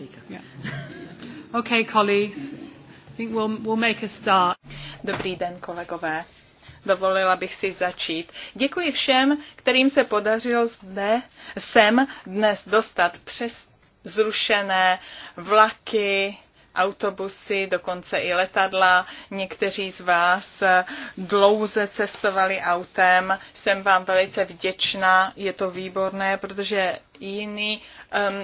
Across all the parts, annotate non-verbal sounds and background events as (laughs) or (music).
speaker. Yeah. (laughs) Okay, colleagues. I think we'll, we'll make a start. Dobrý den, kolegové. Dovolila bych si začít. Děkuji všem, kterým se podařilo zde, sem dnes dostat přes zrušené vlaky, autobusy, dokonce i letadla. Někteří z vás dlouze cestovali autem. Jsem vám velice vděčná, je to výborné, protože jiný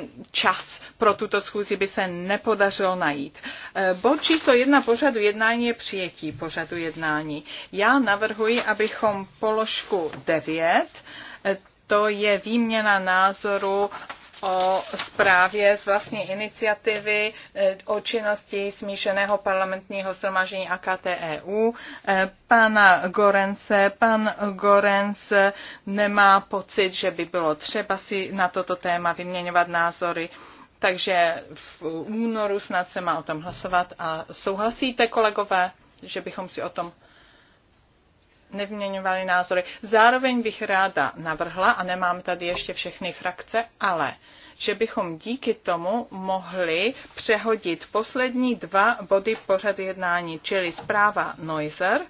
um, čas pro tuto schůzi by se nepodařilo najít. E, bod číslo jedna pořadu jednání je přijetí pořadu jednání. Já navrhuji, abychom položku 9, e, to je výměna názoru o zprávě z vlastní iniciativy e, o činnosti smíšeného parlamentního shromáždění AKTEU. E, Pana Gorence, pan Gorenc nemá pocit, že by bylo třeba si na toto téma vyměňovat názory. Takže v únoru snad se má o tom hlasovat a souhlasíte, kolegové, že bychom si o tom nevyměňovali názory. Zároveň bych ráda navrhla, a nemám tady ještě všechny frakce, ale že bychom díky tomu mohli přehodit poslední dva body pořad jednání, čili zpráva Noiser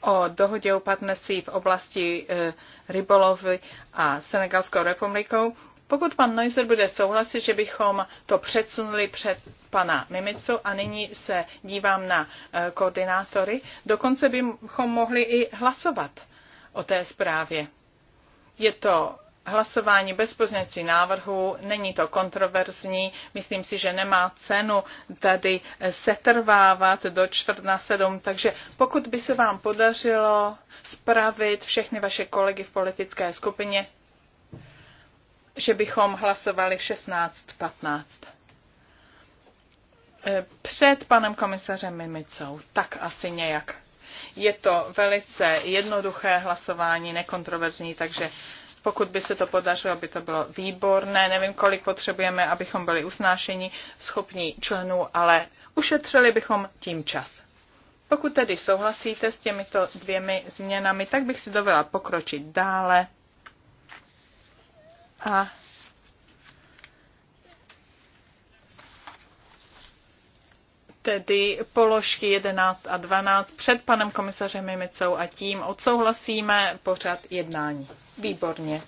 o dohodě o partnerství v oblasti eh, rybolovy a Senegalskou republikou pokud pan Neuser bude souhlasit, že bychom to předsunuli před pana Mimicu a nyní se dívám na eh, koordinátory, dokonce bychom mohli i hlasovat o té zprávě. Je to hlasování bez pozněcí návrhu, není to kontroverzní, myslím si, že nemá cenu tady eh, setrvávat do čtvrt na sedm, takže pokud by se vám podařilo spravit všechny vaše kolegy v politické skupině, že bychom hlasovali v 16.15. Eh, před panem komisařem Mimicou, tak asi nějak. Je to velice jednoduché hlasování, nekontroverzní, takže pokud by se to podařilo, by to bylo výborné. Nevím, kolik potřebujeme, abychom byli usnášení schopní členů, ale ušetřili bychom tím čas. Pokud tedy souhlasíte s těmito dvěmi změnami, tak bych si dovela pokročit dále a tedy položky 11 a 12 před panem komisařem Mimicou a tím odsouhlasíme pořad jednání. Výborně.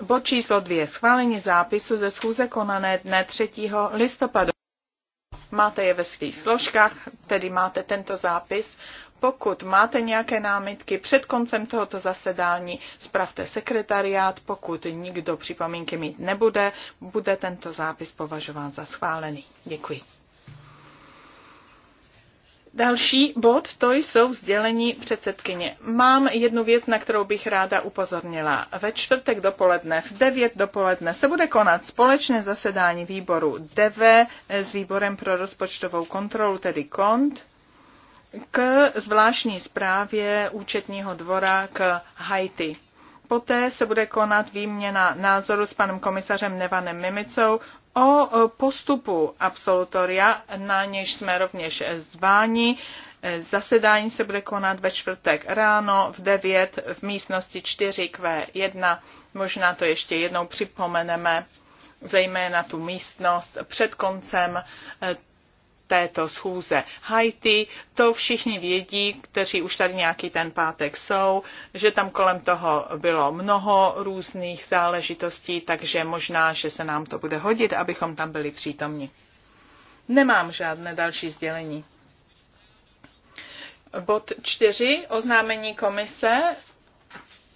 Bod číslo 2. Schválení zápisu ze schůze konané dne 3. listopadu. Máte je ve svých složkách, tedy máte tento zápis. Pokud máte nějaké námitky před koncem tohoto zasedání, zpravte sekretariát. Pokud nikdo připomínky mít nebude, bude tento zápis považován za schválený. Děkuji. Další bod, to jsou vzdělení předsedkyně. Mám jednu věc, na kterou bych ráda upozornila. Ve čtvrtek dopoledne, v 9 dopoledne, se bude konat společné zasedání výboru DV s výborem pro rozpočtovou kontrolu, tedy KONT, k zvláštní zprávě účetního dvora k Haiti. Poté se bude konat výměna názoru s panem komisařem Nevanem Mimicou o postupu absolutoria, na něž jsme rovněž zváni. Zasedání se bude konat ve čtvrtek ráno v 9 v místnosti 4Q1. Možná to ještě jednou připomeneme, zejména tu místnost před koncem této schůze. Haiti, to všichni vědí, kteří už tady nějaký ten pátek jsou, že tam kolem toho bylo mnoho různých záležitostí, takže možná, že se nám to bude hodit, abychom tam byli přítomni. Nemám žádné další sdělení. Bod čtyři Oznámení komise.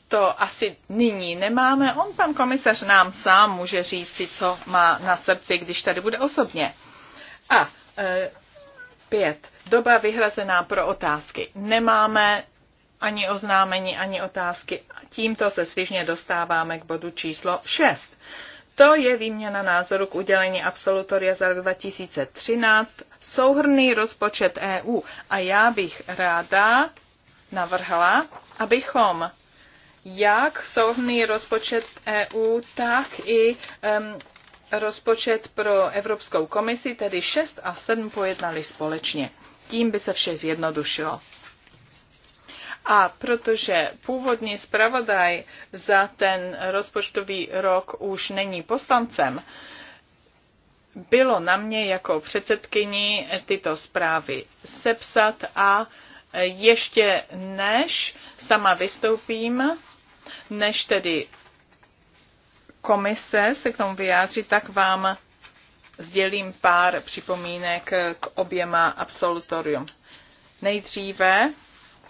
To asi nyní nemáme. On, pan komisař, nám sám může říci, co má na srdci, když tady bude osobně. A Pět. Doba vyhrazená pro otázky. Nemáme ani oznámení, ani otázky. Tímto se svižně dostáváme k bodu číslo 6. To je výměna názoru k udělení absolutoria za rok 2013, souhrný rozpočet EU. A já bych ráda navrhla, abychom jak souhrný rozpočet EU, tak i um, rozpočet pro Evropskou komisi, tedy 6 a 7 pojednali společně. Tím by se vše zjednodušilo. A protože původní zpravodaj za ten rozpočtový rok už není poslancem, bylo na mě jako předsedkyni tyto zprávy sepsat a ještě než sama vystoupím, než tedy komise se k tomu vyjádří, tak vám sdělím pár připomínek k oběma absolutorium. Nejdříve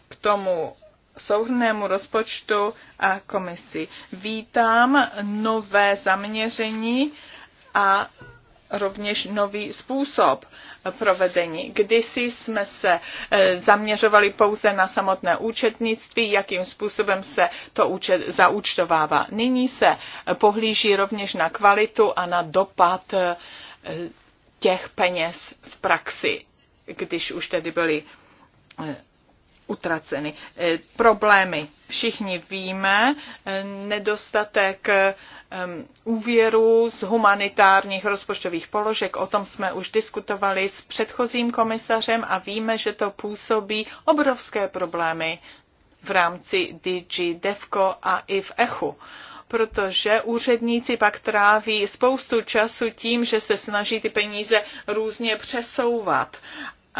k tomu souhrnému rozpočtu a komisi. Vítám nové zaměření a rovněž nový způsob provedení. Kdysi jsme se eh, zaměřovali pouze na samotné účetnictví, jakým způsobem se to účet zaúčtovává. Nyní se pohlíží rovněž na kvalitu a na dopad eh, těch peněz v praxi, když už tedy byly eh, utraceny. Eh, problémy všichni víme, eh, nedostatek ehm, úvěru z humanitárních rozpočtových položek, o tom jsme už diskutovali s předchozím komisařem a víme, že to působí obrovské problémy v rámci DG DEVCO a i v ECHU protože úředníci pak tráví spoustu času tím, že se snaží ty peníze různě přesouvat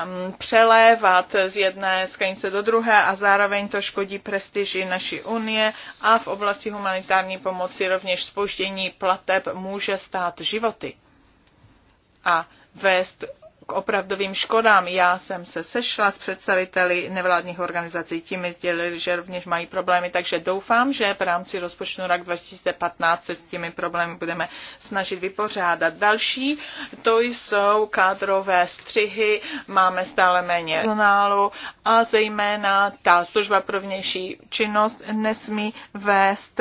Um, přelévat z jedné sklenice do druhé a zároveň to škodí prestiži naší unie a v oblasti humanitární pomoci rovněž spoždění plateb může stát životy a vést k opravdovým škodám. Já jsem se sešla s představiteli nevládních organizací, tím mi sdělili, že rovněž mají problémy, takže doufám, že v rámci rozpočtu rok 2015 se s těmi problémy budeme snažit vypořádat. Další to jsou kádrové střihy, máme stále méně personálu a zejména ta služba pro vnější činnost nesmí vést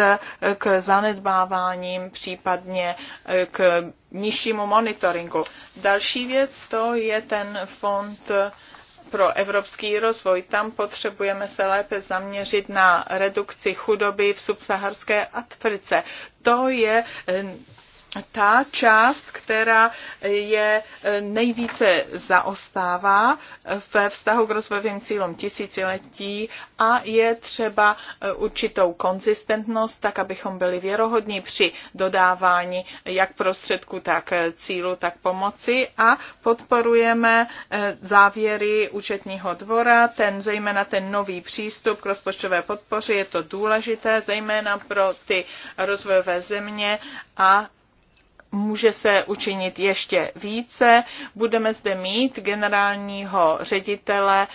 k zanedbáváním, případně k nižšímu monitoringu. Další věc to je ten fond pro evropský rozvoj. Tam potřebujeme se lépe zaměřit na redukci chudoby v subsaharské Africe. To je ta část, která je eh, nejvíce zaostává eh, ve vztahu k rozvojovým cílům tisíciletí a je třeba eh, určitou konzistentnost, tak abychom byli věrohodní při dodávání jak prostředku, tak cílu, tak pomoci a podporujeme závěry účetního dvora, ten zejména ten nový přístup k rozpočtové podpoře, je to důležité zejména pro ty rozvojové země a může se učinit ještě více. Budeme zde mít generálního ředitele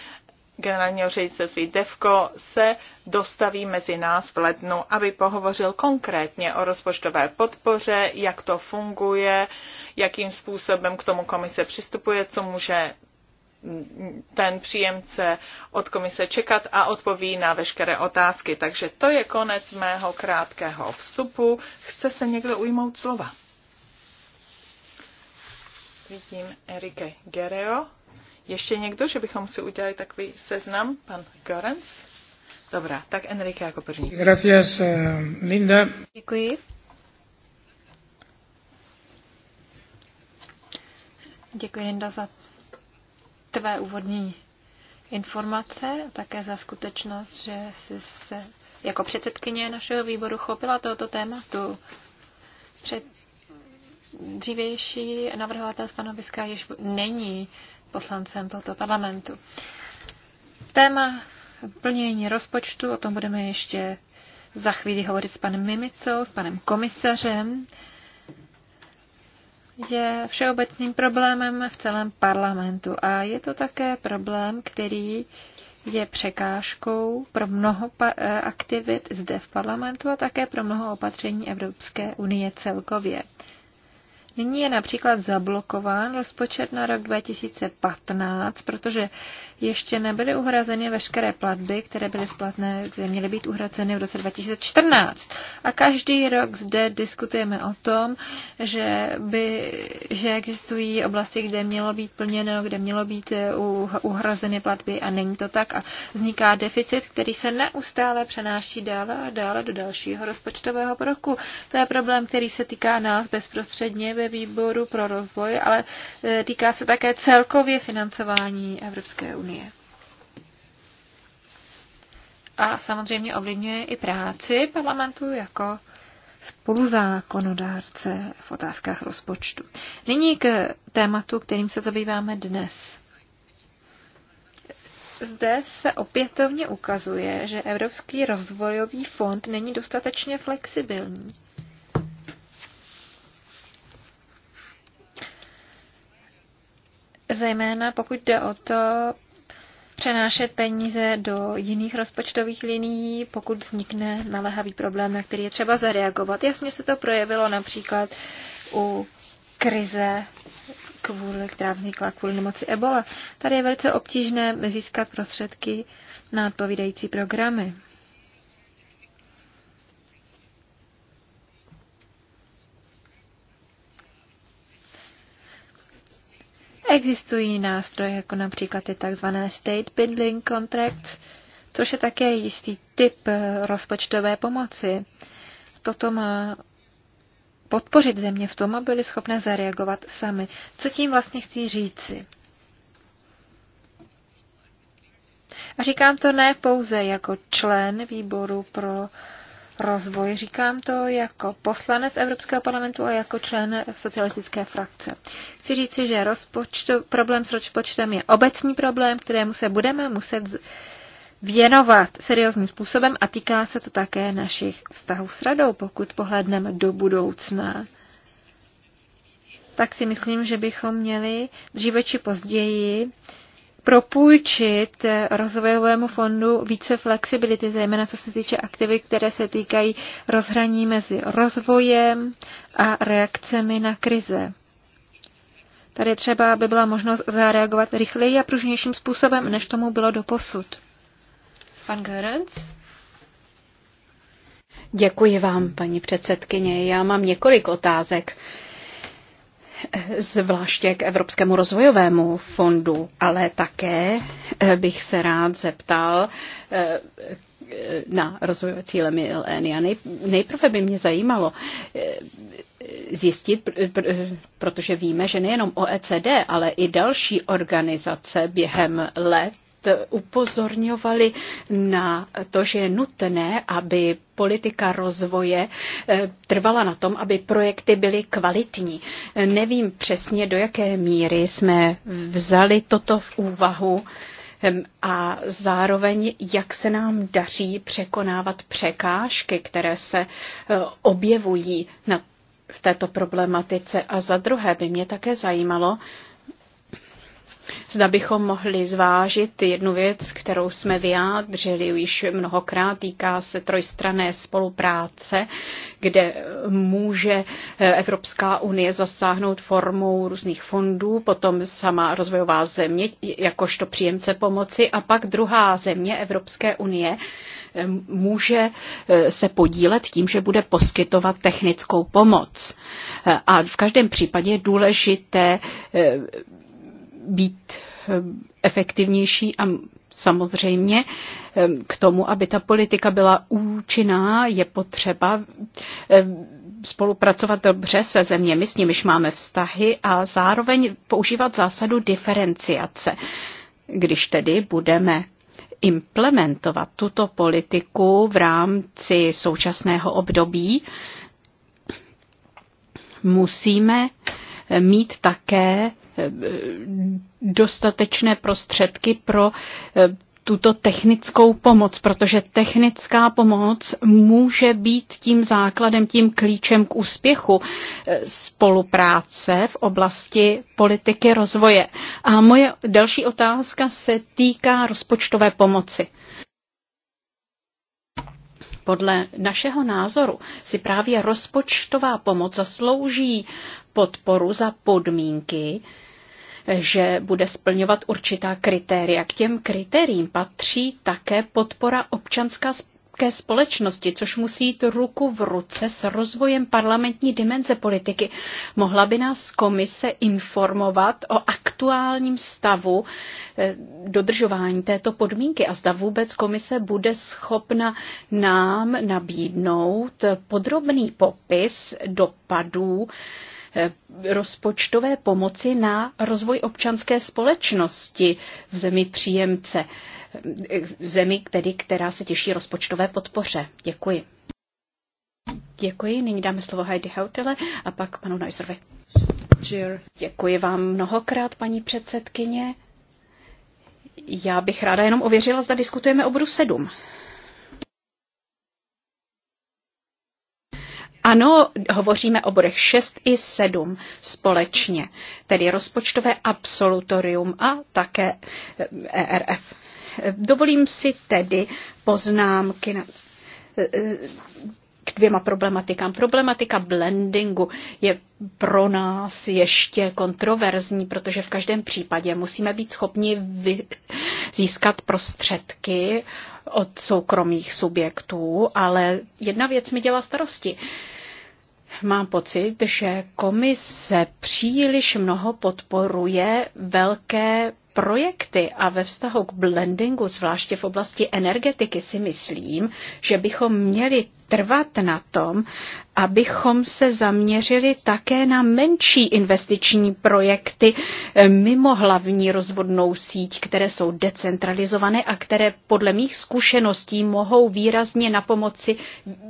generálního ředitelství DEVKO se dostaví mezi nás v lednu, aby pohovořil konkrétně o rozpočtové podpoře, jak to funguje, jakým způsobem k tomu komise přistupuje, co může ten příjemce od komise čekat a odpoví na veškeré otázky. Takže to je konec mého krátkého vstupu. Chce se někdo ujmout slova? Vidím Erike Gereo. Ještě někdo, že bychom si udělali takový seznam? Pan Görens? Dobrá, tak Enrique jako první. Gracias, eh, Linda. Děkuji. Děkuji, Linda, za tvé úvodní informace a také za skutečnost, že jsi se jako předsedkyně našeho výboru chopila tohoto tématu. Před dřívější navrhovatel stanoviska již není poslancem tohoto parlamentu. Téma plnění rozpočtu, o tom budeme ještě za chvíli hovořit s panem Mimicou, s panem komisařem, je všeobecným problémem v celém parlamentu a je to také problém, který je překážkou pro mnoho aktivit zde v parlamentu a také pro mnoho opatření Evropské unie celkově. Nyní je například zablokován rozpočet na rok 2015, protože ještě nebyly uhrazeny veškeré platby, které byly splatné, které měly být uhrazeny v roce 2014. A každý rok zde diskutujeme o tom, že, by, že existují oblasti, kde mělo být plněno, kde mělo být uh, uhrazeny platby a není to tak. A vzniká deficit, který se neustále přenáší dále a dále do dalšího rozpočtového roku. To je problém, který se týká nás bezprostředně ve výboru pro rozvoj, ale e, týká se také celkově financování Evropské unie. A samozřejmě ovlivňuje i práci parlamentu jako spoluzákonodárce v otázkách rozpočtu. Nyní k tématu, kterým se zabýváme dnes. Zde se opětovně ukazuje, že Evropský rozvojový fond není dostatečně flexibilní. zejména pokud jde o to přenášet peníze do jiných rozpočtových linií, pokud vznikne naléhavý problém, na který je třeba zareagovat. Jasně se to projevilo například u krize, kvůli, která vznikla kvůli nemoci Ebola. Tady je velice obtížné získat prostředky na odpovídající programy. Existují nástroje, jako například ty tzv. state building contracts, což je také jistý typ eh, rozpočtové pomoci. Toto má podpořit země v tom, aby byly schopné zareagovat sami. Co tím vlastně chci říci? A říkám to ne pouze jako člen výboru pro rozvoj. Říkám to jako poslanec Evropského parlamentu a jako člen socialistické frakce. Chci říci, že rozpočto, problém s rozpočtem je obecný problém, kterému se budeme muset věnovat seriózním způsobem a týká se to také našich vztahů s radou, pokud pohledneme do budoucna tak si myslím, že bychom měli dříve či později propůjčit rozvojovému fondu více flexibility, zejména co se týče aktivy, které se týkají rozhraní mezi rozvojem a reakcemi na krize. Tady třeba by byla možnost zareagovat rychleji a pružnějším způsobem, než tomu bylo doposud. Pan Gerenc? Děkuji vám, paní předsedkyně. Já mám několik otázek. Uh, zvláště k Evropskému rozvojovému fondu, ale také eh, bych se rád zeptal eh, na rozvojové cíle milénia. Nejprve by mě zajímalo eh, zjistit, protože víme, že nejenom OECD, ale i další organizace během let upozorňovali na to, že je nutné, aby politika rozvoje eh, trvala na tom, aby projekty byly kvalitní. Nevím přesně, do jaké míry jsme vzali toto v úvahu ehm, a zároveň, jak se nám daří překonávat překážky, které se eh, objevují na v této problematice. A za druhé by mě také zajímalo, Zda bychom mohli zvážit jednu věc, kterou jsme vyjádřili již mnohokrát, týká se trojstrané spolupráce, kde může eh, Evropská unie zasáhnout formou různých fondů, potom sama rozvojová země jakožto příjemce pomoci a pak druhá země Evropské unie eh, může eh, se podílet tím, že bude poskytovat technickou pomoc. A v každém případě je důležité být eh, efektivnější a samozřejmě eh, k tomu, aby ta politika byla účinná, je potřeba eh, spolupracovat dobře se zeměmi, s nimiž máme vztahy a zároveň používat zásadu diferenciace. Když tedy budeme implementovat tuto politiku v rámci současného období, musíme mít také dostatečné prostředky pro eh, tuto technickou pomoc, protože technická pomoc může být tím základem, tím klíčem k úspěchu eh, spolupráce v oblasti politiky rozvoje. A moje další otázka se týká rozpočtové pomoci. Podle našeho názoru si právě rozpočtová pomoc zaslouží podporu za podmínky, že bude splňovat určitá kritéria. K těm kritériím patří také podpora občanská občanské společnosti, což musí jít ruku v ruce s rozvojem parlamentní dimenze politiky. Mohla by nás komise informovat o aktuálním stavu eh, dodržování této podmínky a zda vůbec komise bude schopna nám nabídnout podrobný popis dopadů Eh, rozpočtové pomoci na rozvoj občanské společnosti v zemi příjemce, eh, v zemi, tedy, která se těší rozpočtové podpoře. Děkuji. Děkuji. Nyní dáme slovo Heidi Hautele a pak panu Neuserovi. Děkuji vám mnohokrát, paní předsedkyně. Já bych ráda jenom ověřila, zda diskutujeme o bodu 7. Ano, hovoříme o bodech 6 i 7 společně, tedy rozpočtové absolutorium a také ERF. Eh, e Dovolím si tedy poznámky na eh, k dvěma problematikám. Problematika blendingu je pro nás ještě kontroverzní, protože v každém případě musíme být schopni vy- získat prostředky od soukromých subjektů, ale jedna věc mi dělá starosti. Mám pocit, že komise příliš mnoho podporuje velké projekty a ve vztahu k blendingu, zvláště v oblasti energetiky, si myslím, že bychom měli trvat na tom, abychom se zaměřili také na menší investiční projekty eh, mimo hlavní rozvodnou síť, které jsou decentralizované a které podle mých zkušeností mohou výrazně na pomoci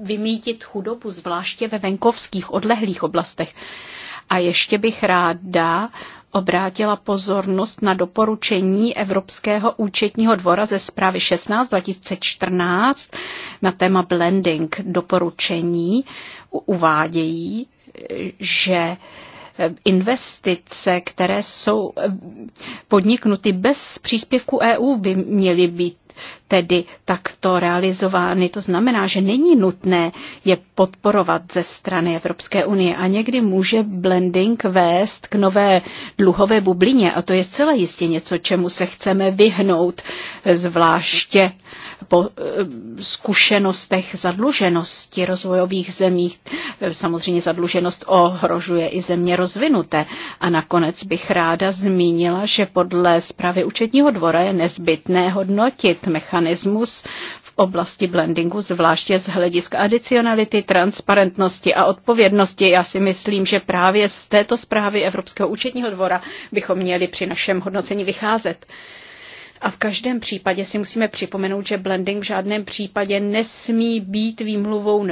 vymítit chudobu, zvláště ve venkovských odlehlých oblastech. A ještě bych ráda obrátila pozornost na doporučení Evropského účetního dvora ze zprávy 16 2014 na téma blending. Doporučení uvádějí, že investice, které jsou eh, podniknuty bez příspěvku EU, by měly být tedy takto realizovány. To znamená, že není nutné je podporovat ze strany Evropské unie a někdy může blending vést k nové dluhové bublině a to je zcela jistě něco, čemu se chceme vyhnout, zvláště po eh, zkušenostech zadluženosti rozvojových zemí. Samozřejmě zadluženost ohrožuje i země rozvinuté. A nakonec bych ráda zmínila, že podle zprávy účetního dvora je nezbytné hodnotit mechanismus mechanismus v oblasti blendingu, zvláště z hlediska adicionality, transparentnosti a odpovědnosti. Já si myslím, že právě z této zprávy Evropského účetního dvora bychom měli při našem hodnocení vycházet. A v každém případě si musíme připomenout, že blending v žádném případě nesmí být výmluvou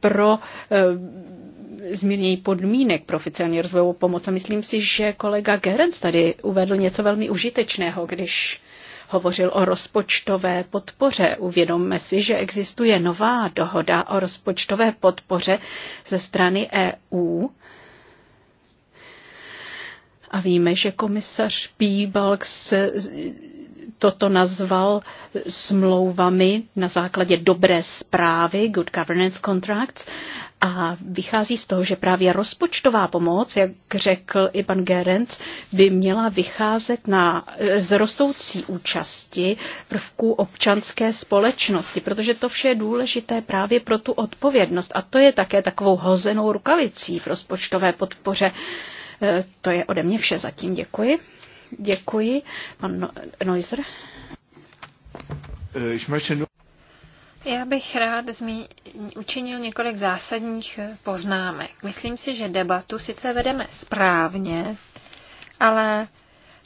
pro eh, změnění podmínek pro oficiální rozvojovou pomoc. A myslím si, že kolega Gerenc tady uvedl něco velmi užitečného, když hovořil o rozpočtové podpoře. Uvědomme si, že existuje nová dohoda o rozpočtové podpoře ze strany EU. A víme, že komisař Píbalks toto nazval smlouvami na základě dobré zprávy, good governance contracts, a vychází z toho, že právě rozpočtová pomoc, jak řekl i pan Gerenc, by měla vycházet na, z rostoucí účasti prvků občanské společnosti, protože to vše je důležité právě pro tu odpovědnost. A to je také takovou hozenou rukavicí v rozpočtové podpoře. E, to je ode mě vše zatím. Děkuji. Děkuji. Pan no- Neuser. Eh, Já bych rád zmi- učinil několik zásadních eh, poznámek. Myslím si, že debatu sice vedeme správně, ale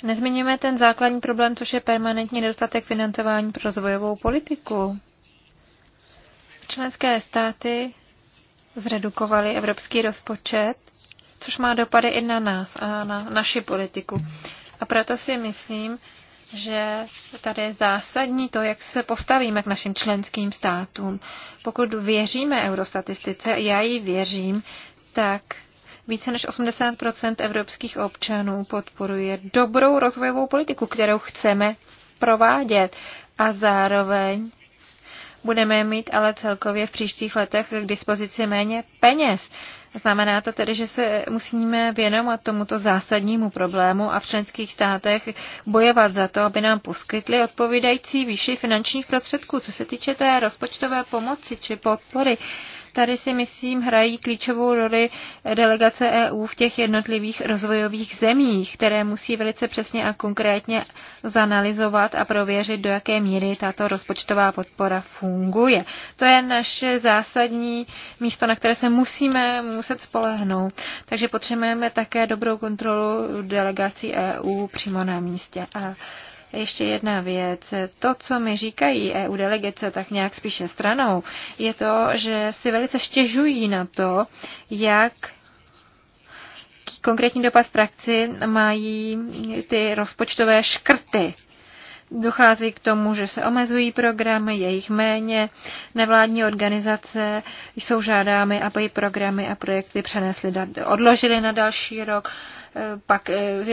nezmiňujeme ten základní problém, což je permanentní nedostatek financování pro rozvojovou politiku. Členské státy zredukovaly evropský rozpočet, což má dopady i na nás a na naši politiku. A proto si myslím, že tady je zásadní to, jak se postavíme k našim členským státům. Pokud věříme eurostatistice, já ji věřím, tak více než 80 evropských občanů podporuje dobrou rozvojovou politiku, kterou chceme provádět. A zároveň budeme mít ale celkově v příštích letech k dispozici méně peněz. Znamená to tedy, že se musíme věnovat tomuto zásadnímu problému a v členských státech bojovat za to, aby nám poskytli odpovídající výši finančních prostředků. Co se týče té rozpočtové pomoci či podpory, Tady si myslím hrají klíčovou roli delegace EU v těch jednotlivých rozvojových zemích, které musí velice přesně a konkrétně zanalizovat a prověřit, do jaké míry tato rozpočtová podpora funguje. To je naše zásadní místo, na které se musíme muset spolehnout. Takže potřebujeme také dobrou kontrolu delegací EU přímo na místě. A ještě jedna věc. To, co mi říkají EU delegace, tak nějak spíše stranou, je to, že si velice štěžují na to, jak konkrétní dopad v praxi mají ty rozpočtové škrty Dochází k tomu, že se omezují programy, je jich méně, nevládní organizace jsou žádámy, aby programy a projekty přenesly, odložily na další rok eh, pak eh,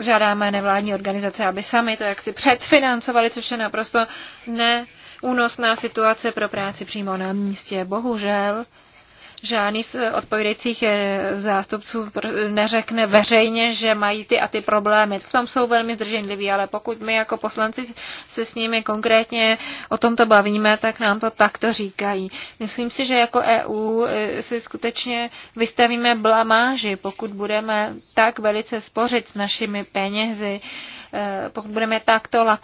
žádáme nevládní organizace, aby sami to jaksi předfinancovali, což je naprosto neúnosná situace pro práci přímo na místě. Bohužel žádný z odpovědejících eh, zástupců neřekne veřejně, že mají ty a ty problémy. V tom jsou velmi zdrženliví, ale pokud my jako poslanci se s nimi konkrétně o tomto bavíme, tak nám to takto říkají. Myslím si, že jako EU eh, si skutečně vystavíme blamáži, pokud budeme tak velice spořit s našimi penězi, Eh, pokud budeme takto a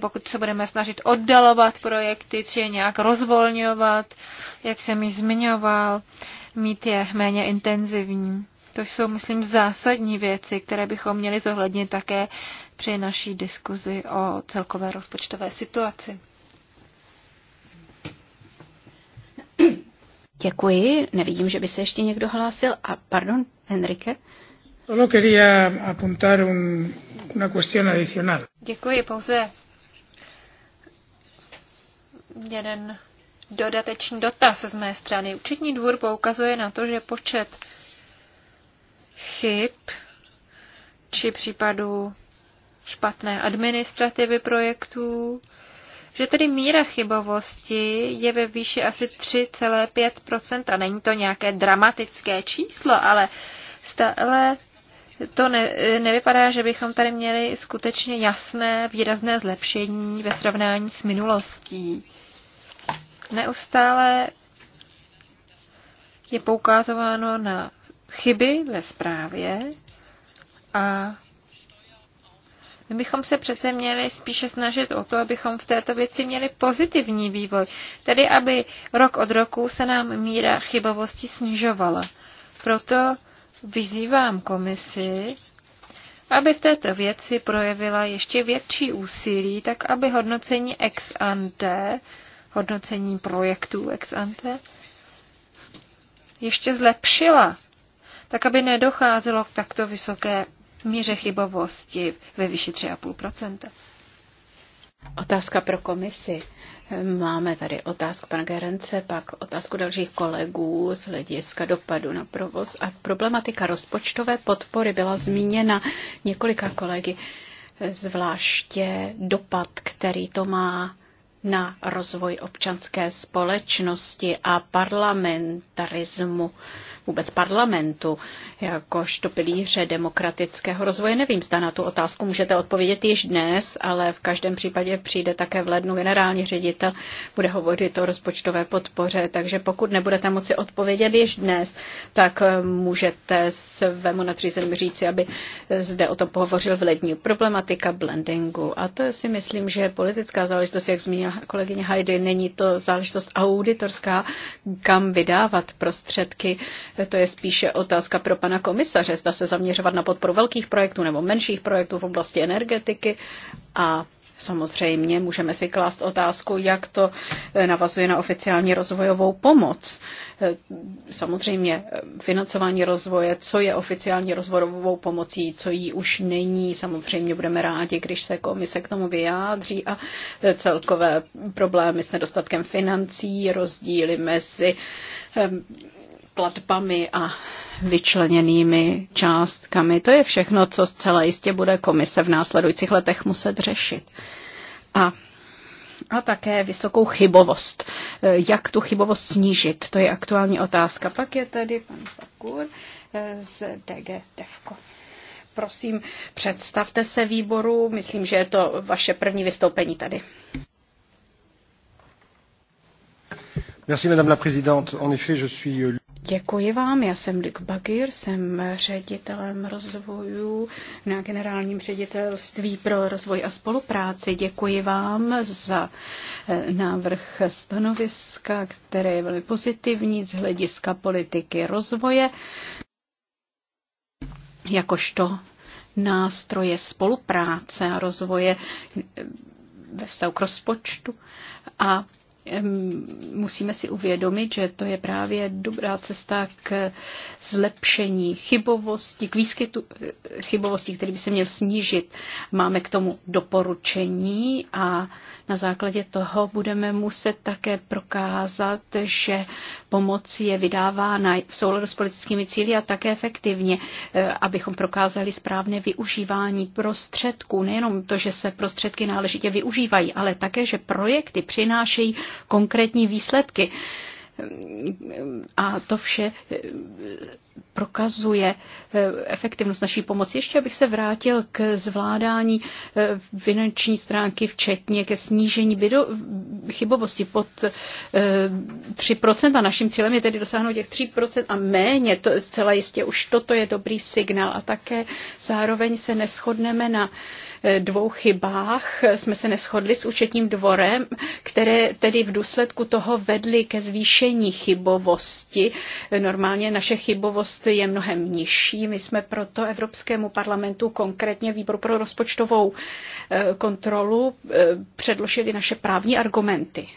pokud se budeme snažit oddalovat projekty, či je nějak rozvolňovat, jak jsem ji zmiňoval, mít je méně intenzivní. To jsou, myslím, zásadní věci, které bychom měli zohlednit také při naší diskuzi o celkové rozpočtové situaci. Děkuji. Nevidím, že by se ještě někdo hlásil. A pardon, Enrique. Solo quería apuntar un, una cuestión adicional. Děkuji, pouze jeden dodatečný dotaz z mé strany. Účetní dvůr poukazuje na to, že počet chyb či případů špatné administrativy projektů, že tedy míra chybovosti je ve výši asi 3,5%. A není to nějaké dramatické číslo, ale stále to ne, nevypadá, že bychom tady měli skutečně jasné, výrazné zlepšení ve srovnání s minulostí. Neustále je poukázováno na chyby ve zprávě a my bychom se přece měli spíše snažit o to, abychom v této věci měli pozitivní vývoj, tedy aby rok od roku se nám míra chybovosti snižovala. Proto vyzývám komisi, aby v této věci projevila ještě větší úsilí, tak aby hodnocení ex ante, hodnocení projektů ex ante, ještě zlepšila, tak aby nedocházelo k takto vysoké míře chybovosti ve výši 3,5 Otázka pro komisi. Máme tady otázku pana Gerence, pak otázku dalších kolegů z hlediska dopadu na provoz a problematika rozpočtové podpory byla zmíněna několika kolegy, zvláště dopad, který to má na rozvoj občanské společnosti a parlamentarismu vůbec parlamentu jakožto pilíře demokratického rozvoje. Nevím, zda na tu otázku můžete odpovědět již dnes, ale v každém případě přijde také v lednu generální ředitel, bude hovořit o rozpočtové podpoře, takže pokud nebudete moci odpovědět již dnes, tak můžete svému nadřízenému říci, aby zde o tom pohovořil v lední. Problematika blendingu. A to si myslím, že politická záležitost, jak zmínila kolegyně Heidi, není to záležitost auditorská, kam vydávat prostředky to je spíše otázka pro pana komisaře, zda se zaměřovat na podporu velkých projektů nebo menších projektů v oblasti energetiky a Samozřejmě můžeme si klást otázku, jak to eh, navazuje na oficiální rozvojovou pomoc. Eh, samozřejmě eh, financování rozvoje, co je oficiální rozvojovou pomocí, co jí už není. Samozřejmě budeme rádi, když se komise k tomu vyjádří a celkové problémy s nedostatkem financí, rozdíly mezi platbami a vyčleněnými částkami. To je všechno, co zcela jistě bude komise v následujících letech muset řešit. A a také vysokou chybovost. Eh, jak tu chybovost snížit? To je aktuální otázka. Pak je tady pan Fakur eh, z DG Devko. Prosím, představte se výboru. Myslím, že je to vaše první vystoupení tady. Merci, madame la présidente. En effet, je suis... Děkuji vám, já jsem Dick Bagir, jsem ředitelem rozvoju na generálním ředitelství pro rozvoj a spolupráci. Děkuji vám za eh, návrh stanoviska, které je velmi pozitivní z hlediska politiky rozvoje, jakožto nástroje spolupráce a rozvoje eh, ve vztahu k rozpočtu a musíme si uvědomit, že to je právě dobrá cesta k zlepšení chybovosti, k výskytu eh, chybovosti, který by se měl snížit. Máme k tomu doporučení a na základě toho budeme muset také prokázat, že pomoc je vydávána v souladu s politickými cíly a také efektivně, eh, abychom prokázali správné využívání prostředků. Nejenom to, že se prostředky náležitě využívají, ale také, že projekty přinášejí konkrétní výsledky. A to vše eh, prokazuje eh, efektivnost naší pomoci. Ještě abych se vrátil k zvládání eh, finanční stránky, včetně ke snížení bydo, chybovosti pod 3%. A naším cílem je tedy dosáhnout těch 3% a méně. To zcela jistě už toto je dobrý signál. A také zároveň se neschodneme na Eh, dvou chybách jsme se neschodli s účetním dvorem, které tedy v důsledku toho vedly ke zvýšení chybovosti. Normálně naše chybovost je mnohem nižší. My jsme proto Evropskému parlamentu, konkrétně Výboru pro rozpočtovou eh, kontrolu, eh, předložili naše právní argumenty.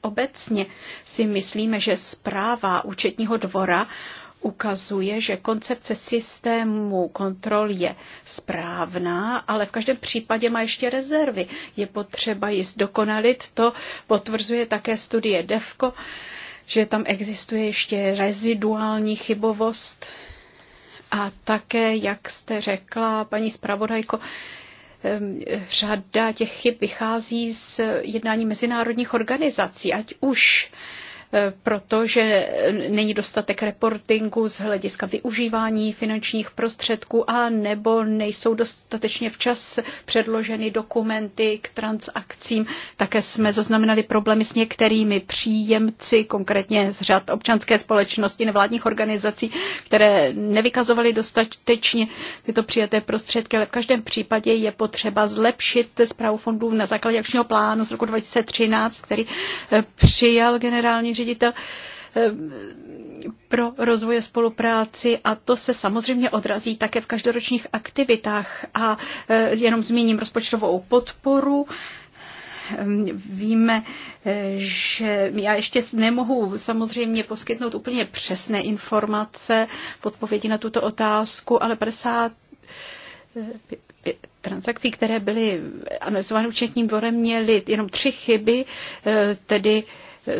Obecně si myslíme, že zpráva účetního dvora ukazuje, že koncepce systému kontrol je správná, ale v každém případě má ještě rezervy. Je potřeba ji zdokonalit, to potvrzuje také studie DEFCO, že tam existuje ještě reziduální chybovost. A také, jak jste řekla, paní zpravodajko, řada těch chyb vychází z jednání mezinárodních organizací, ať už Eh, protože není dostatek reportingu z hlediska využívání finančních prostředků a nebo nejsou dostatečně včas předloženy dokumenty k transakcím. Také jsme zaznamenali problémy s některými příjemci, konkrétně z řad občanské společnosti, nevládních organizací, které nevykazovaly dostatečně tyto přijaté prostředky, ale v každém případě je potřeba zlepšit zprávu fondů na základě akčního plánu z roku 2013, který eh, přijal generální ředitel eh, pro rozvoje spolupráci a to se samozřejmě odrazí také v každoročních aktivitách. A eh, jenom zmíním rozpočtovou podporu, ehm, víme, eh, že já ještě nemohu samozřejmě poskytnout úplně přesné informace v odpovědi na tuto otázku, ale 50 transakcí, které byly analyzovány účetním dvorem, měly jenom tři chyby, tedy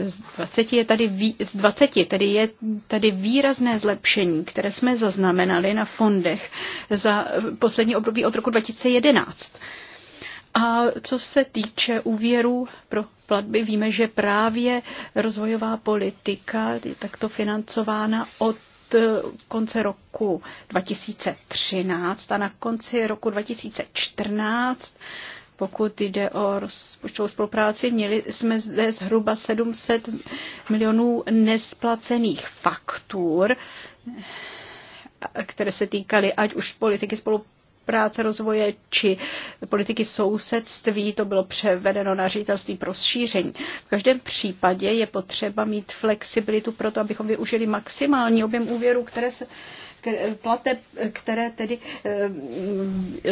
z 20 je tady, z 20 tady je tady výrazné zlepšení, které jsme zaznamenali na fondech za poslední období od roku 2011. A co se týče úvěrů pro platby, víme, že právě rozvojová politika je takto financována od konce roku 2013 a na konci roku 2014 pokud jde o rozpočtovou spolupráci, měli jsme zde zhruba 700 milionů nesplacených faktur, které se týkaly ať už politiky spolupráce, práce rozvoje či politiky sousedství, to bylo převedeno na ředitelství pro šíření. V každém případě je potřeba mít flexibilitu pro to, abychom využili maximální objem úvěru, které se plateb, které tedy eh,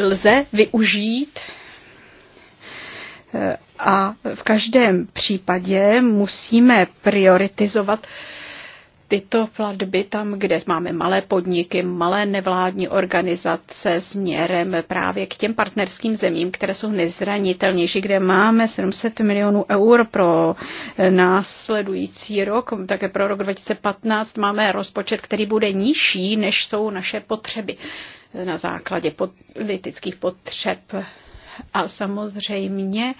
lze využít a v každém případě musíme prioritizovat tyto platby tam, kde máme malé podniky, malé nevládní organizace směrem právě k těm partnerským zemím, které jsou nezranitelnější, kde máme 700 milionů eur pro následující rok, také pro rok 2015 máme rozpočet, který bude nižší, než jsou naše potřeby na základě politických potřeb a samozřejmě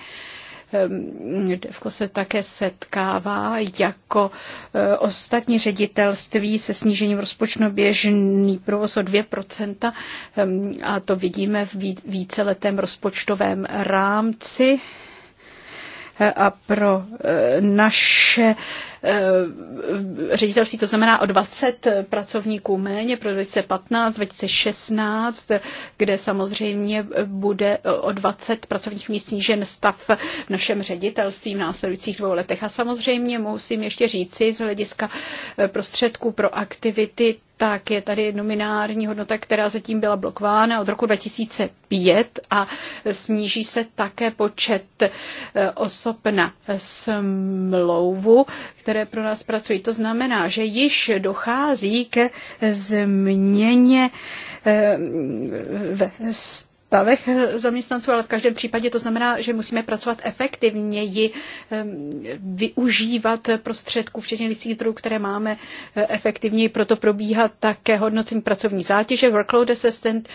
Devko eh, se také setkává jako eh, ostatní ředitelství se snížením rozpočtu běžný provoz o 2% eh, a to vidíme v víceletém rozpočtovém rámci a pro naše Eh, ředitelství, to znamená o 20 pracovníků méně pro 2015, 2016, kde samozřejmě bude o 20 pracovních míst snížen stav v našem ředitelství v následujících dvou letech. A samozřejmě musím ještě říci z hlediska eh, prostředků pro aktivity tak je tady nominární hodnota, která zatím byla blokována od roku 2005 a sníží se také počet eh, osob na smlouvu, které které pro nás pracují. To znamená, že již dochází ke změně eh, ve stavech zaměstnanců, ale v každém případě to znamená, že musíme pracovat efektivněji, ehm, využívat prostředků, včetně lidských zdrojů, které máme eh, efektivněji. Proto probíhá také hodnocení pracovní zátěže, workload eh, assessment,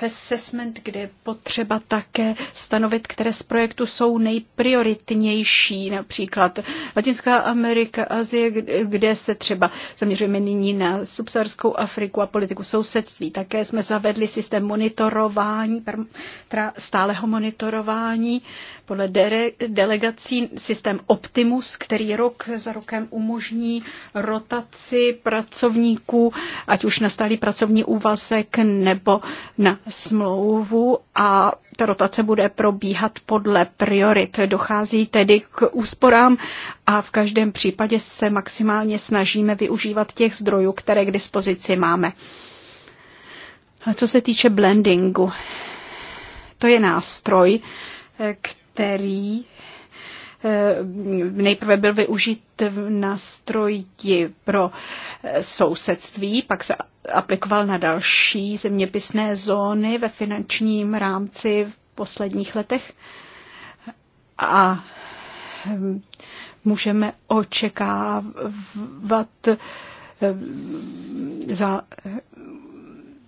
assessment, kde je potřeba také stanovit, které z projektu jsou nejprioritnější, například Latinská Amerika, Azie, kde se třeba zaměřujeme nyní na subsaharskou Afriku a politiku sousedství. Také jsme zavedli systém monitorování monitorování, teda stáleho monitorování podle dere, delegací systém Optimus, který rok za rokem umožní rotaci pracovníků, ať už na stálý pracovní úvazek nebo na smlouvu a ta rotace bude probíhat podle priorit. Dochází tedy k úsporám a v každém případě se maximálně snažíme využívat těch zdrojů, které k dispozici máme. Co se týče blendingu, to je nástroj, který eh, nejprve byl využit v nástroji pro eh, sousedství, pak se aplikoval na další zeměpisné zóny ve finančním rámci v posledních letech a hm, můžeme očekávat eh, za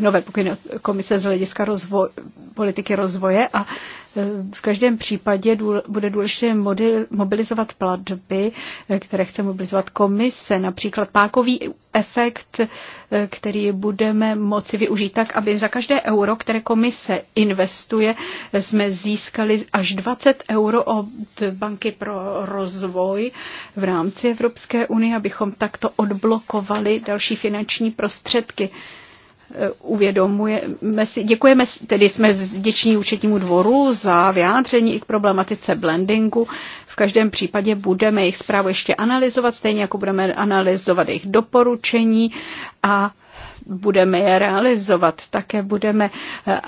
nové pokyny komise z hlediska rozvo- politiky rozvoje a e, v každém případě důle, bude důležité mobilizovat platby, e, které chce mobilizovat komise, například pákový efekt, e, který budeme moci využít tak, aby za každé euro, které komise investuje, jsme získali až 20 euro od Banky pro rozvoj v rámci Evropské unie, abychom takto odblokovali další finanční prostředky. Eh, uvědomujeme si, děkujeme, tedy jsme vděční účetnímu dvoru za vyjádření i k problematice blendingu. V každém případě budeme jejich zprávu ještě analyzovat, stejně jako budeme analyzovat jejich doporučení a budeme je realizovat. Také budeme eh,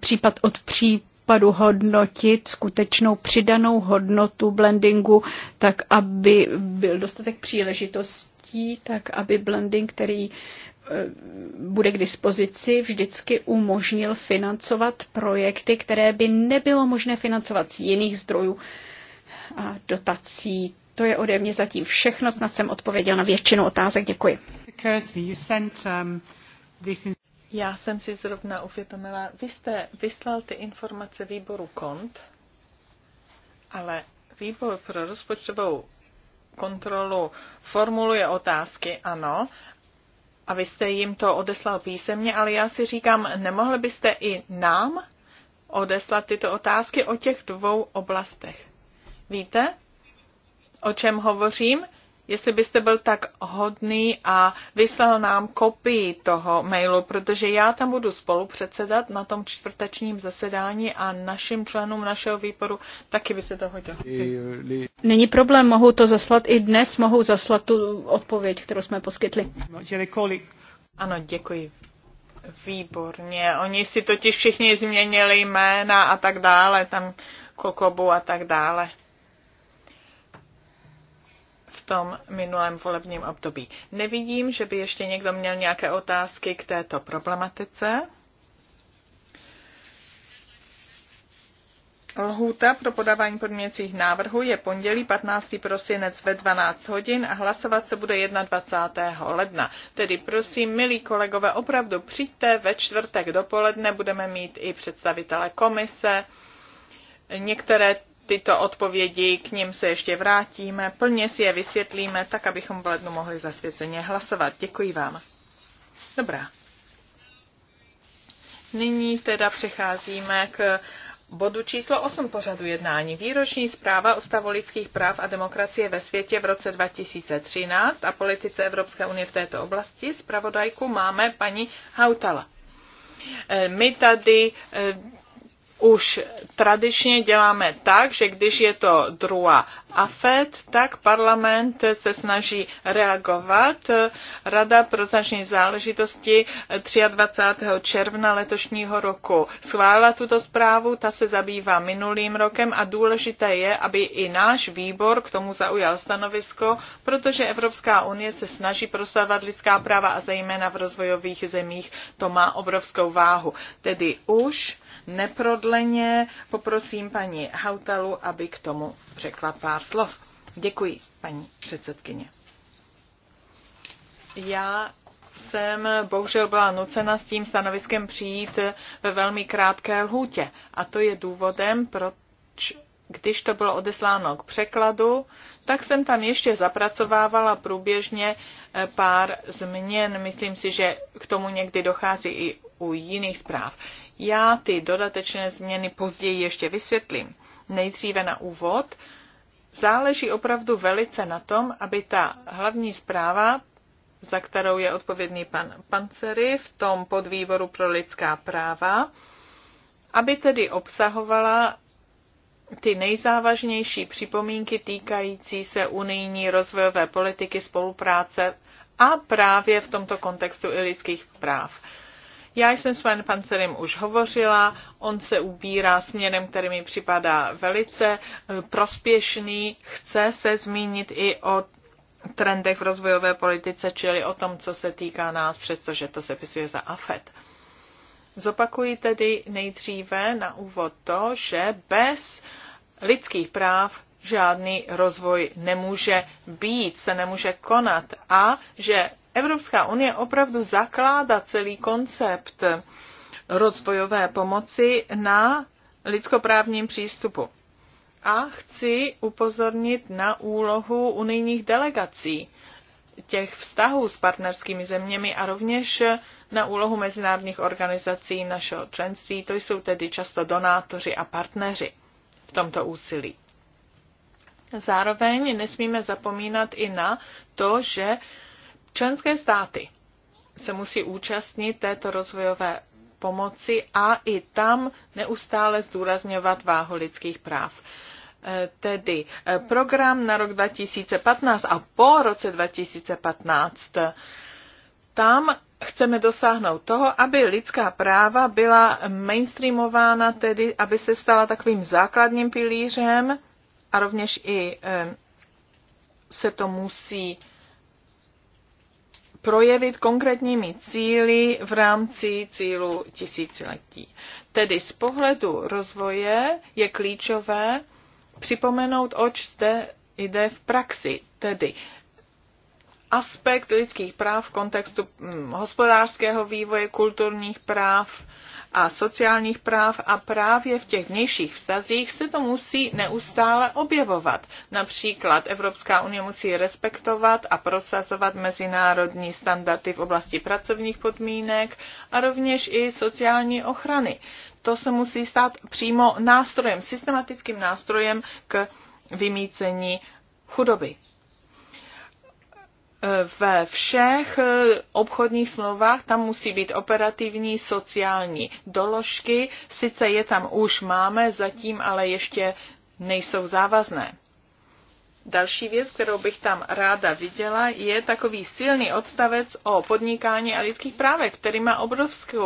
případ od případu případu hodnotit skutečnou přidanou hodnotu blendingu, tak aby byl dostatek příležitostí, tak aby blending, který Eh, bude k dispozici, vždycky umožnil financovat projekty, které by nebylo možné financovat z jiných zdrojů a dotací. To je ode mě zatím všechno, snad jsem odpověděl na většinu otázek. Děkuji. Um, Já jsem si zrovna uvědomila, vy jste vyslal ty informace výboru KONT, ale výbor pro rozpočtovou kontrolu formuluje otázky, ano, a vy jste jim to odeslal písemně, ale já si říkám, nemohli byste i nám odeslat tyto otázky o těch dvou oblastech. Víte, o čem hovořím? jestli byste byl tak hodný a vyslal nám kopii toho mailu, protože já tam budu spolupředsedat na tom čtvrtečním zasedání a našim členům našeho výboru taky by se to hodilo. Není problém, mohu to zaslat i dnes, mohu zaslat tu odpověď, kterou jsme poskytli. Ano, děkuji. Výborně. Oni si totiž všichni změnili jména a tak dále, tam Kokobu a tak dále v tom minulém volebním období. Nevidím, že by ještě někdo měl nějaké otázky k této problematice. Lhůta pro podávání podměcích návrhů je pondělí 15. prosinec ve 12 hodin a hlasovat se bude 21. ledna. Tedy prosím, milí kolegové, opravdu přijďte ve čtvrtek dopoledne, budeme mít i představitele komise. Některé tyto odpovědi, k ním se ještě vrátíme, plně si je vysvětlíme, tak abychom v lednu mohli zasvěceně hlasovat. Děkuji vám. Dobrá. Nyní teda přecházíme k bodu číslo 8 pořadu jednání. Výroční zpráva o stavu lidských práv a demokracie ve světě v roce 2013 a politice Evropské unie v této oblasti. Zpravodajku máme paní Hautala. E, my tady e, už tradičně děláme tak, že když je to druhá AFET, tak parlament se snaží reagovat. Rada pro zažní záležitosti 23. června letošního roku schválila tuto zprávu, ta se zabývá minulým rokem a důležité je, aby i náš výbor k tomu zaujal stanovisko, protože Evropská unie se snaží prosazovat lidská práva a zejména v rozvojových zemích to má obrovskou váhu. Tedy už neprodleně. Poprosím paní Hautalu, aby k tomu řekla pár slov. Děkuji, paní předsedkyně. Já jsem bohužel byla nucena s tím stanoviskem přijít ve velmi krátké lhůtě. A to je důvodem, proč když to bylo odesláno k překladu, tak jsem tam ještě zapracovávala průběžně eh, pár změn. Myslím si, že k tomu někdy dochází i u jiných zpráv. Já ty dodatečné změny později ještě vysvětlím. Nejdříve na úvod. Záleží opravdu velice na tom, aby ta hlavní zpráva, za kterou je odpovědný pan Pancery v tom podvýboru pro lidská práva, aby tedy obsahovala ty nejzávažnější připomínky týkající se unijní rozvojové politiky spolupráce a právě v tomto kontextu i lidských práv. Já jsem s panem Pancerem už hovořila, on se ubírá směrem, který mi připadá velice eh, prospěšný, chce se zmínit i o trendech v rozvojové politice, čili o tom, co se týká nás, přestože to se pisuje za AFET. Zopakuji tedy nejdříve na úvod to, že bez lidských práv žádný rozvoj nemůže být, se nemůže konat a že Evropská unie opravdu zakládá celý koncept rozvojové pomoci na lidskoprávním přístupu. A chci upozornit na úlohu unijních delegací, těch vztahů s partnerskými zeměmi a rovněž na úlohu mezinárodních organizací našeho členství. To jsou tedy často donátoři a partneři v tomto úsilí. Zároveň nesmíme zapomínat i na to, že Členské státy se musí účastnit této rozvojové pomoci a i tam neustále zdůrazňovat váhu lidských práv. E, tedy e, program na rok 2015 a po roce 2015 tam chceme dosáhnout toho, aby lidská práva byla mainstreamována, tedy aby se stala takovým základním pilířem a rovněž i e, se to musí projevit konkrétními cíly v rámci cílu tisíciletí. Tedy z pohledu rozvoje je klíčové připomenout, oč zde jde v praxi, tedy aspekt lidských práv v kontextu mm, hospodářského vývoje, kulturních práv, a sociálních práv a právě v těch vnějších vztazích se to musí neustále objevovat. Například Evropská unie musí respektovat a prosazovat mezinárodní standardy v oblasti pracovních podmínek a rovněž i sociální ochrany. To se musí stát přímo nástrojem, systematickým nástrojem k vymícení chudoby ve všech eh, obchodních smlouvách tam musí být operativní sociální doložky. Sice je tam už máme, zatím ale ještě nejsou závazné. Další věc, kterou bych tam ráda viděla, je takový silný odstavec o podnikání a lidských právech, který má obrovský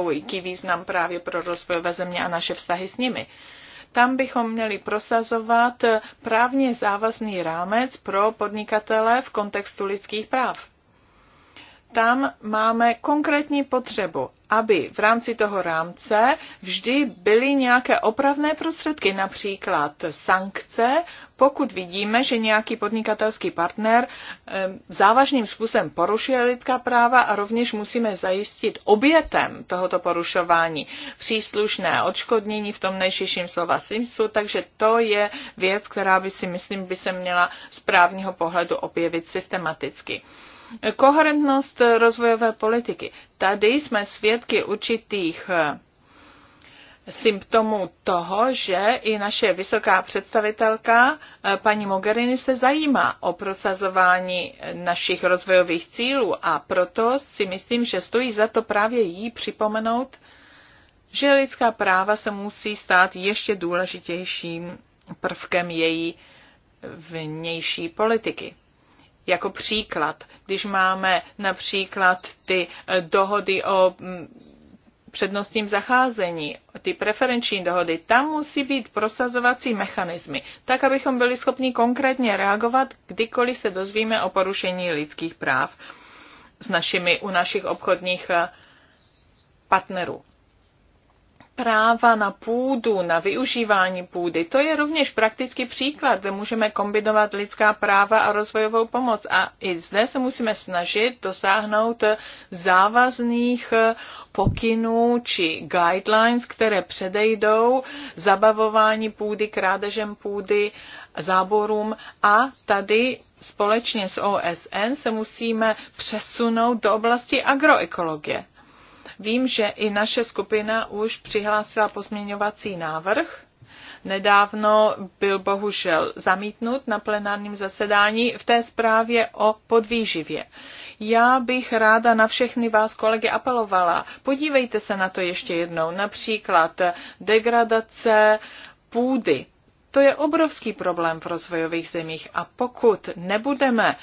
význam právě pro rozvojové země a naše vztahy s nimi. Tam bychom měli prosazovat právně závazný rámec pro podnikatele v kontextu lidských práv. Tam máme konkrétní potřebu aby v rámci toho rámce vždy byly nějaké opravné prostředky, například sankce, pokud vidíme, že nějaký podnikatelský partner závažným způsobem porušuje lidská práva a rovněž musíme zajistit obětem tohoto porušování příslušné odškodnění v tom nejširším slova smyslu, takže to je věc, která by si myslím, by se měla z právního pohledu objevit systematicky. Koherentnost rozvojové politiky. Tady jsme svědky určitých eh, symptomů toho, že i naše vysoká představitelka eh, paní Mogherini se zajímá o prosazování našich rozvojových cílů a proto si myslím, že stojí za to právě jí připomenout, že lidská práva se musí stát ještě důležitějším prvkem její vnější politiky. Jako příklad, když máme například ty eh, dohody o mm, přednostním zacházení, ty preferenční dohody, tam musí být prosazovací mechanismy, tak abychom byli schopni konkrétně reagovat, kdykoliv se dozvíme o porušení lidských práv s našimi, u našich obchodních eh, partnerů práva na půdu, na využívání půdy. To je rovněž praktický příklad, kde můžeme kombinovat lidská práva a rozvojovou pomoc. A i zde se musíme snažit dosáhnout závazných pokynů či guidelines, které předejdou zabavování půdy, krádežem půdy, záborům a tady společně s OSN se musíme přesunout do oblasti agroekologie Vím, že i naše skupina už přihlásila pozměňovací návrh. Nedávno byl bohužel zamítnut na plenárním zasedání v té zprávě o podvýživě. Já bych ráda na všechny vás kolegy apelovala. Podívejte se na to ještě jednou. Například degradace půdy. To je obrovský problém v rozvojových zemích a pokud nebudeme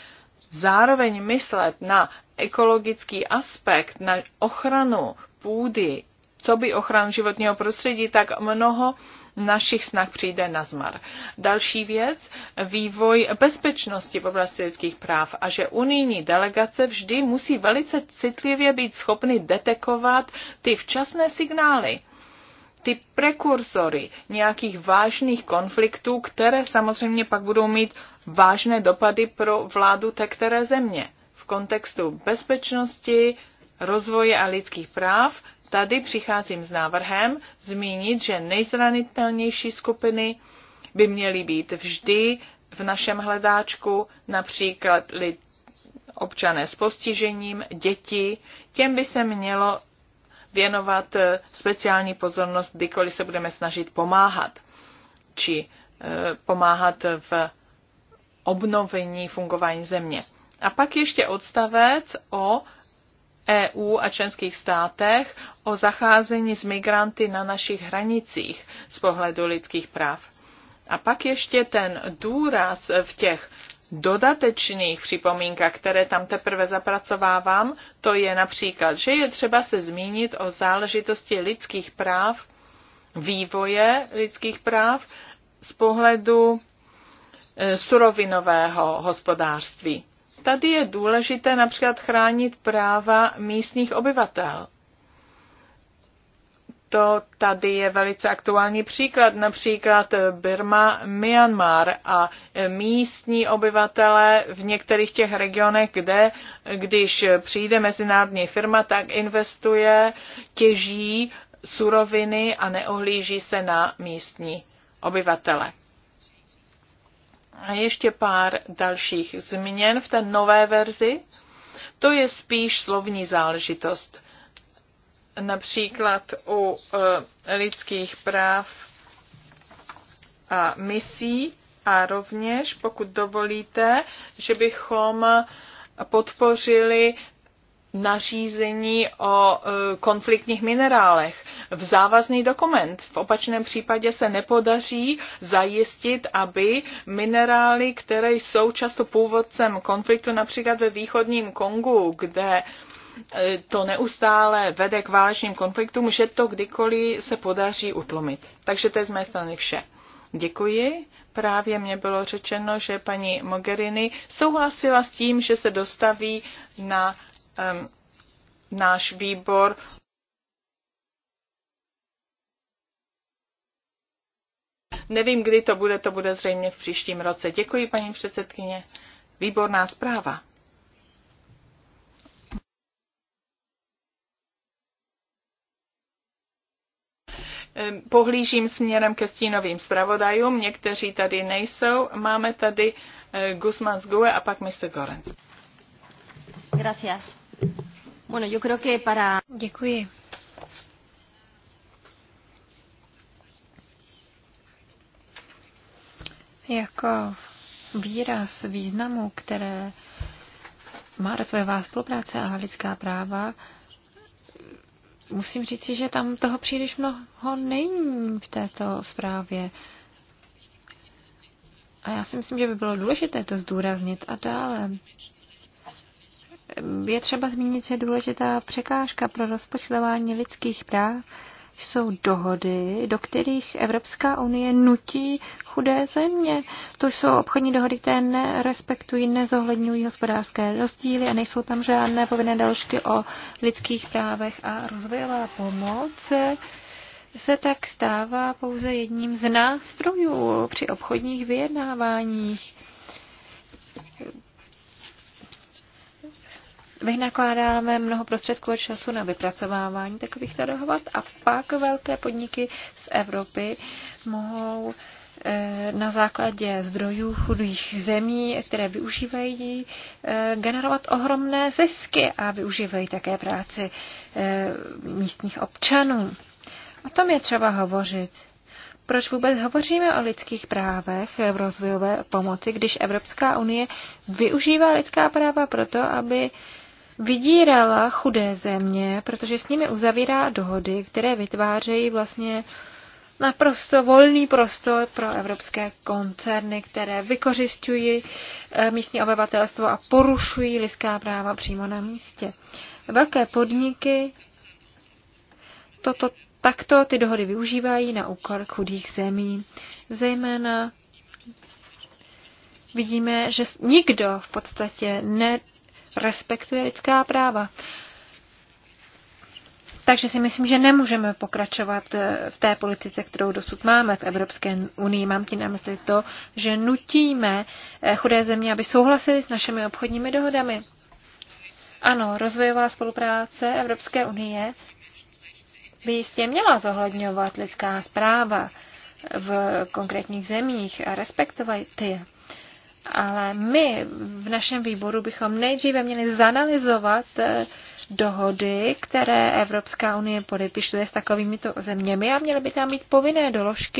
zároveň myslet na ekologický aspekt, na ochranu půdy, co by ochranu životního prostředí, tak mnoho našich snah přijde na zmar. Další věc, vývoj bezpečnosti v oblasti lidských práv a že unijní delegace vždy musí velice citlivě být schopny detekovat ty včasné signály ty prekursory nějakých vážných konfliktů, které samozřejmě pak budou mít vážné dopady pro vládu té které země. V kontextu bezpečnosti, rozvoje a lidských práv tady přicházím s návrhem zmínit, že nejzranitelnější skupiny by měly být vždy v našem hledáčku, například lid, občané s postižením, děti, těm by se mělo věnovat eh, speciální pozornost, kdykoliv se budeme snažit pomáhat, či eh, pomáhat v obnovení fungování země. A pak ještě odstavec o EU a členských státech o zacházení s migranty na našich hranicích z pohledu lidských práv. A pak ještě ten důraz v těch dodatečných připomínkách, které tam teprve zapracovávám, to je například, že je třeba se zmínit o záležitosti lidských práv, vývoje lidských práv z pohledu e, surovinového hospodářství. Tady je důležité například chránit práva místních obyvatel to tady je velice aktuální příklad, například Birma, Myanmar a místní obyvatele v některých těch regionech, kde když přijde mezinárodní firma, tak investuje, těží suroviny a neohlíží se na místní obyvatele. A ještě pár dalších změn v té nové verzi. To je spíš slovní záležitost například u e, lidských práv a misí a rovněž, pokud dovolíte, že bychom podpořili nařízení o e, konfliktních minerálech v závazný dokument. V opačném případě se nepodaří zajistit, aby minerály, které jsou často původcem konfliktu například ve východním Kongu, kde E, to neustále vede k válečným konfliktům, že to kdykoliv se podaří utlumit. Takže to je z mé strany vše. Děkuji. Právě mě bylo řečeno, že paní Mogherini souhlasila s tím, že se dostaví na um, náš výbor. Nevím, kdy to bude, to bude zřejmě v příštím roce. Děkuji, paní předsedkyně. Výborná zpráva. Ehm, pohlížím směrem ke stínovým zpravodajům, někteří tady nejsou. Máme tady eh, Guzman z GUE a pak Mr. Gorenc. Gracias. Bueno, yo creo que para... Děkuji. Jako výraz významu, které má rozvojová spolupráce a lidská práva, musím říci, že tam toho příliš mnoho není v této zprávě. A já si myslím, že by bylo důležité to zdůraznit a dále. Je třeba zmínit, že důležitá překážka pro rozpočtování lidských práv jsou dohody, do kterých Evropská unie nutí chudé země. To jsou obchodní dohody, které nerespektují, nezohledňují hospodářské rozdíly a nejsou tam žádné povinné doložky o lidských právech a rozvojová pomoc se tak stává pouze jedním z nástrojů při obchodních vyjednáváních vynakládáme mnoho prostředků a času na vypracovávání takovýchto dohod a pak velké podniky z Evropy mohou eh, na základě zdrojů chudých zemí, které využívají, eh, generovat ohromné zisky a využívají také práci eh, místních občanů. O tom je třeba hovořit. Proč vůbec hovoříme o lidských právech v rozvojové pomoci, když Evropská unie využívá lidská práva proto, aby vydírala chudé země, protože s nimi uzavírá dohody, které vytvářejí vlastně naprosto volný prostor pro evropské koncerny, které vykořišťují eh, místní obyvatelstvo a porušují lidská práva přímo na místě. Velké podniky toto, takto ty dohody využívají na úkor chudých zemí. Zejména vidíme, že nikdo v podstatě ne, respektuje lidská práva. Takže si myslím, že nemůžeme pokračovat eh, v té politice, kterou dosud máme v Evropské unii. Mám tím na mysli to, že nutíme eh, chudé země, aby souhlasili s našimi obchodními dohodami. Ano, rozvojová spolupráce Evropské unie by jistě měla zohledňovat lidská práva v konkrétních zemích a respektovat ty. Ale my v našem výboru bychom nejdříve měli zanalizovat eh, dohody, které Evropská unie podepisuje s takovýmito zeměmi a měly by tam být povinné doložky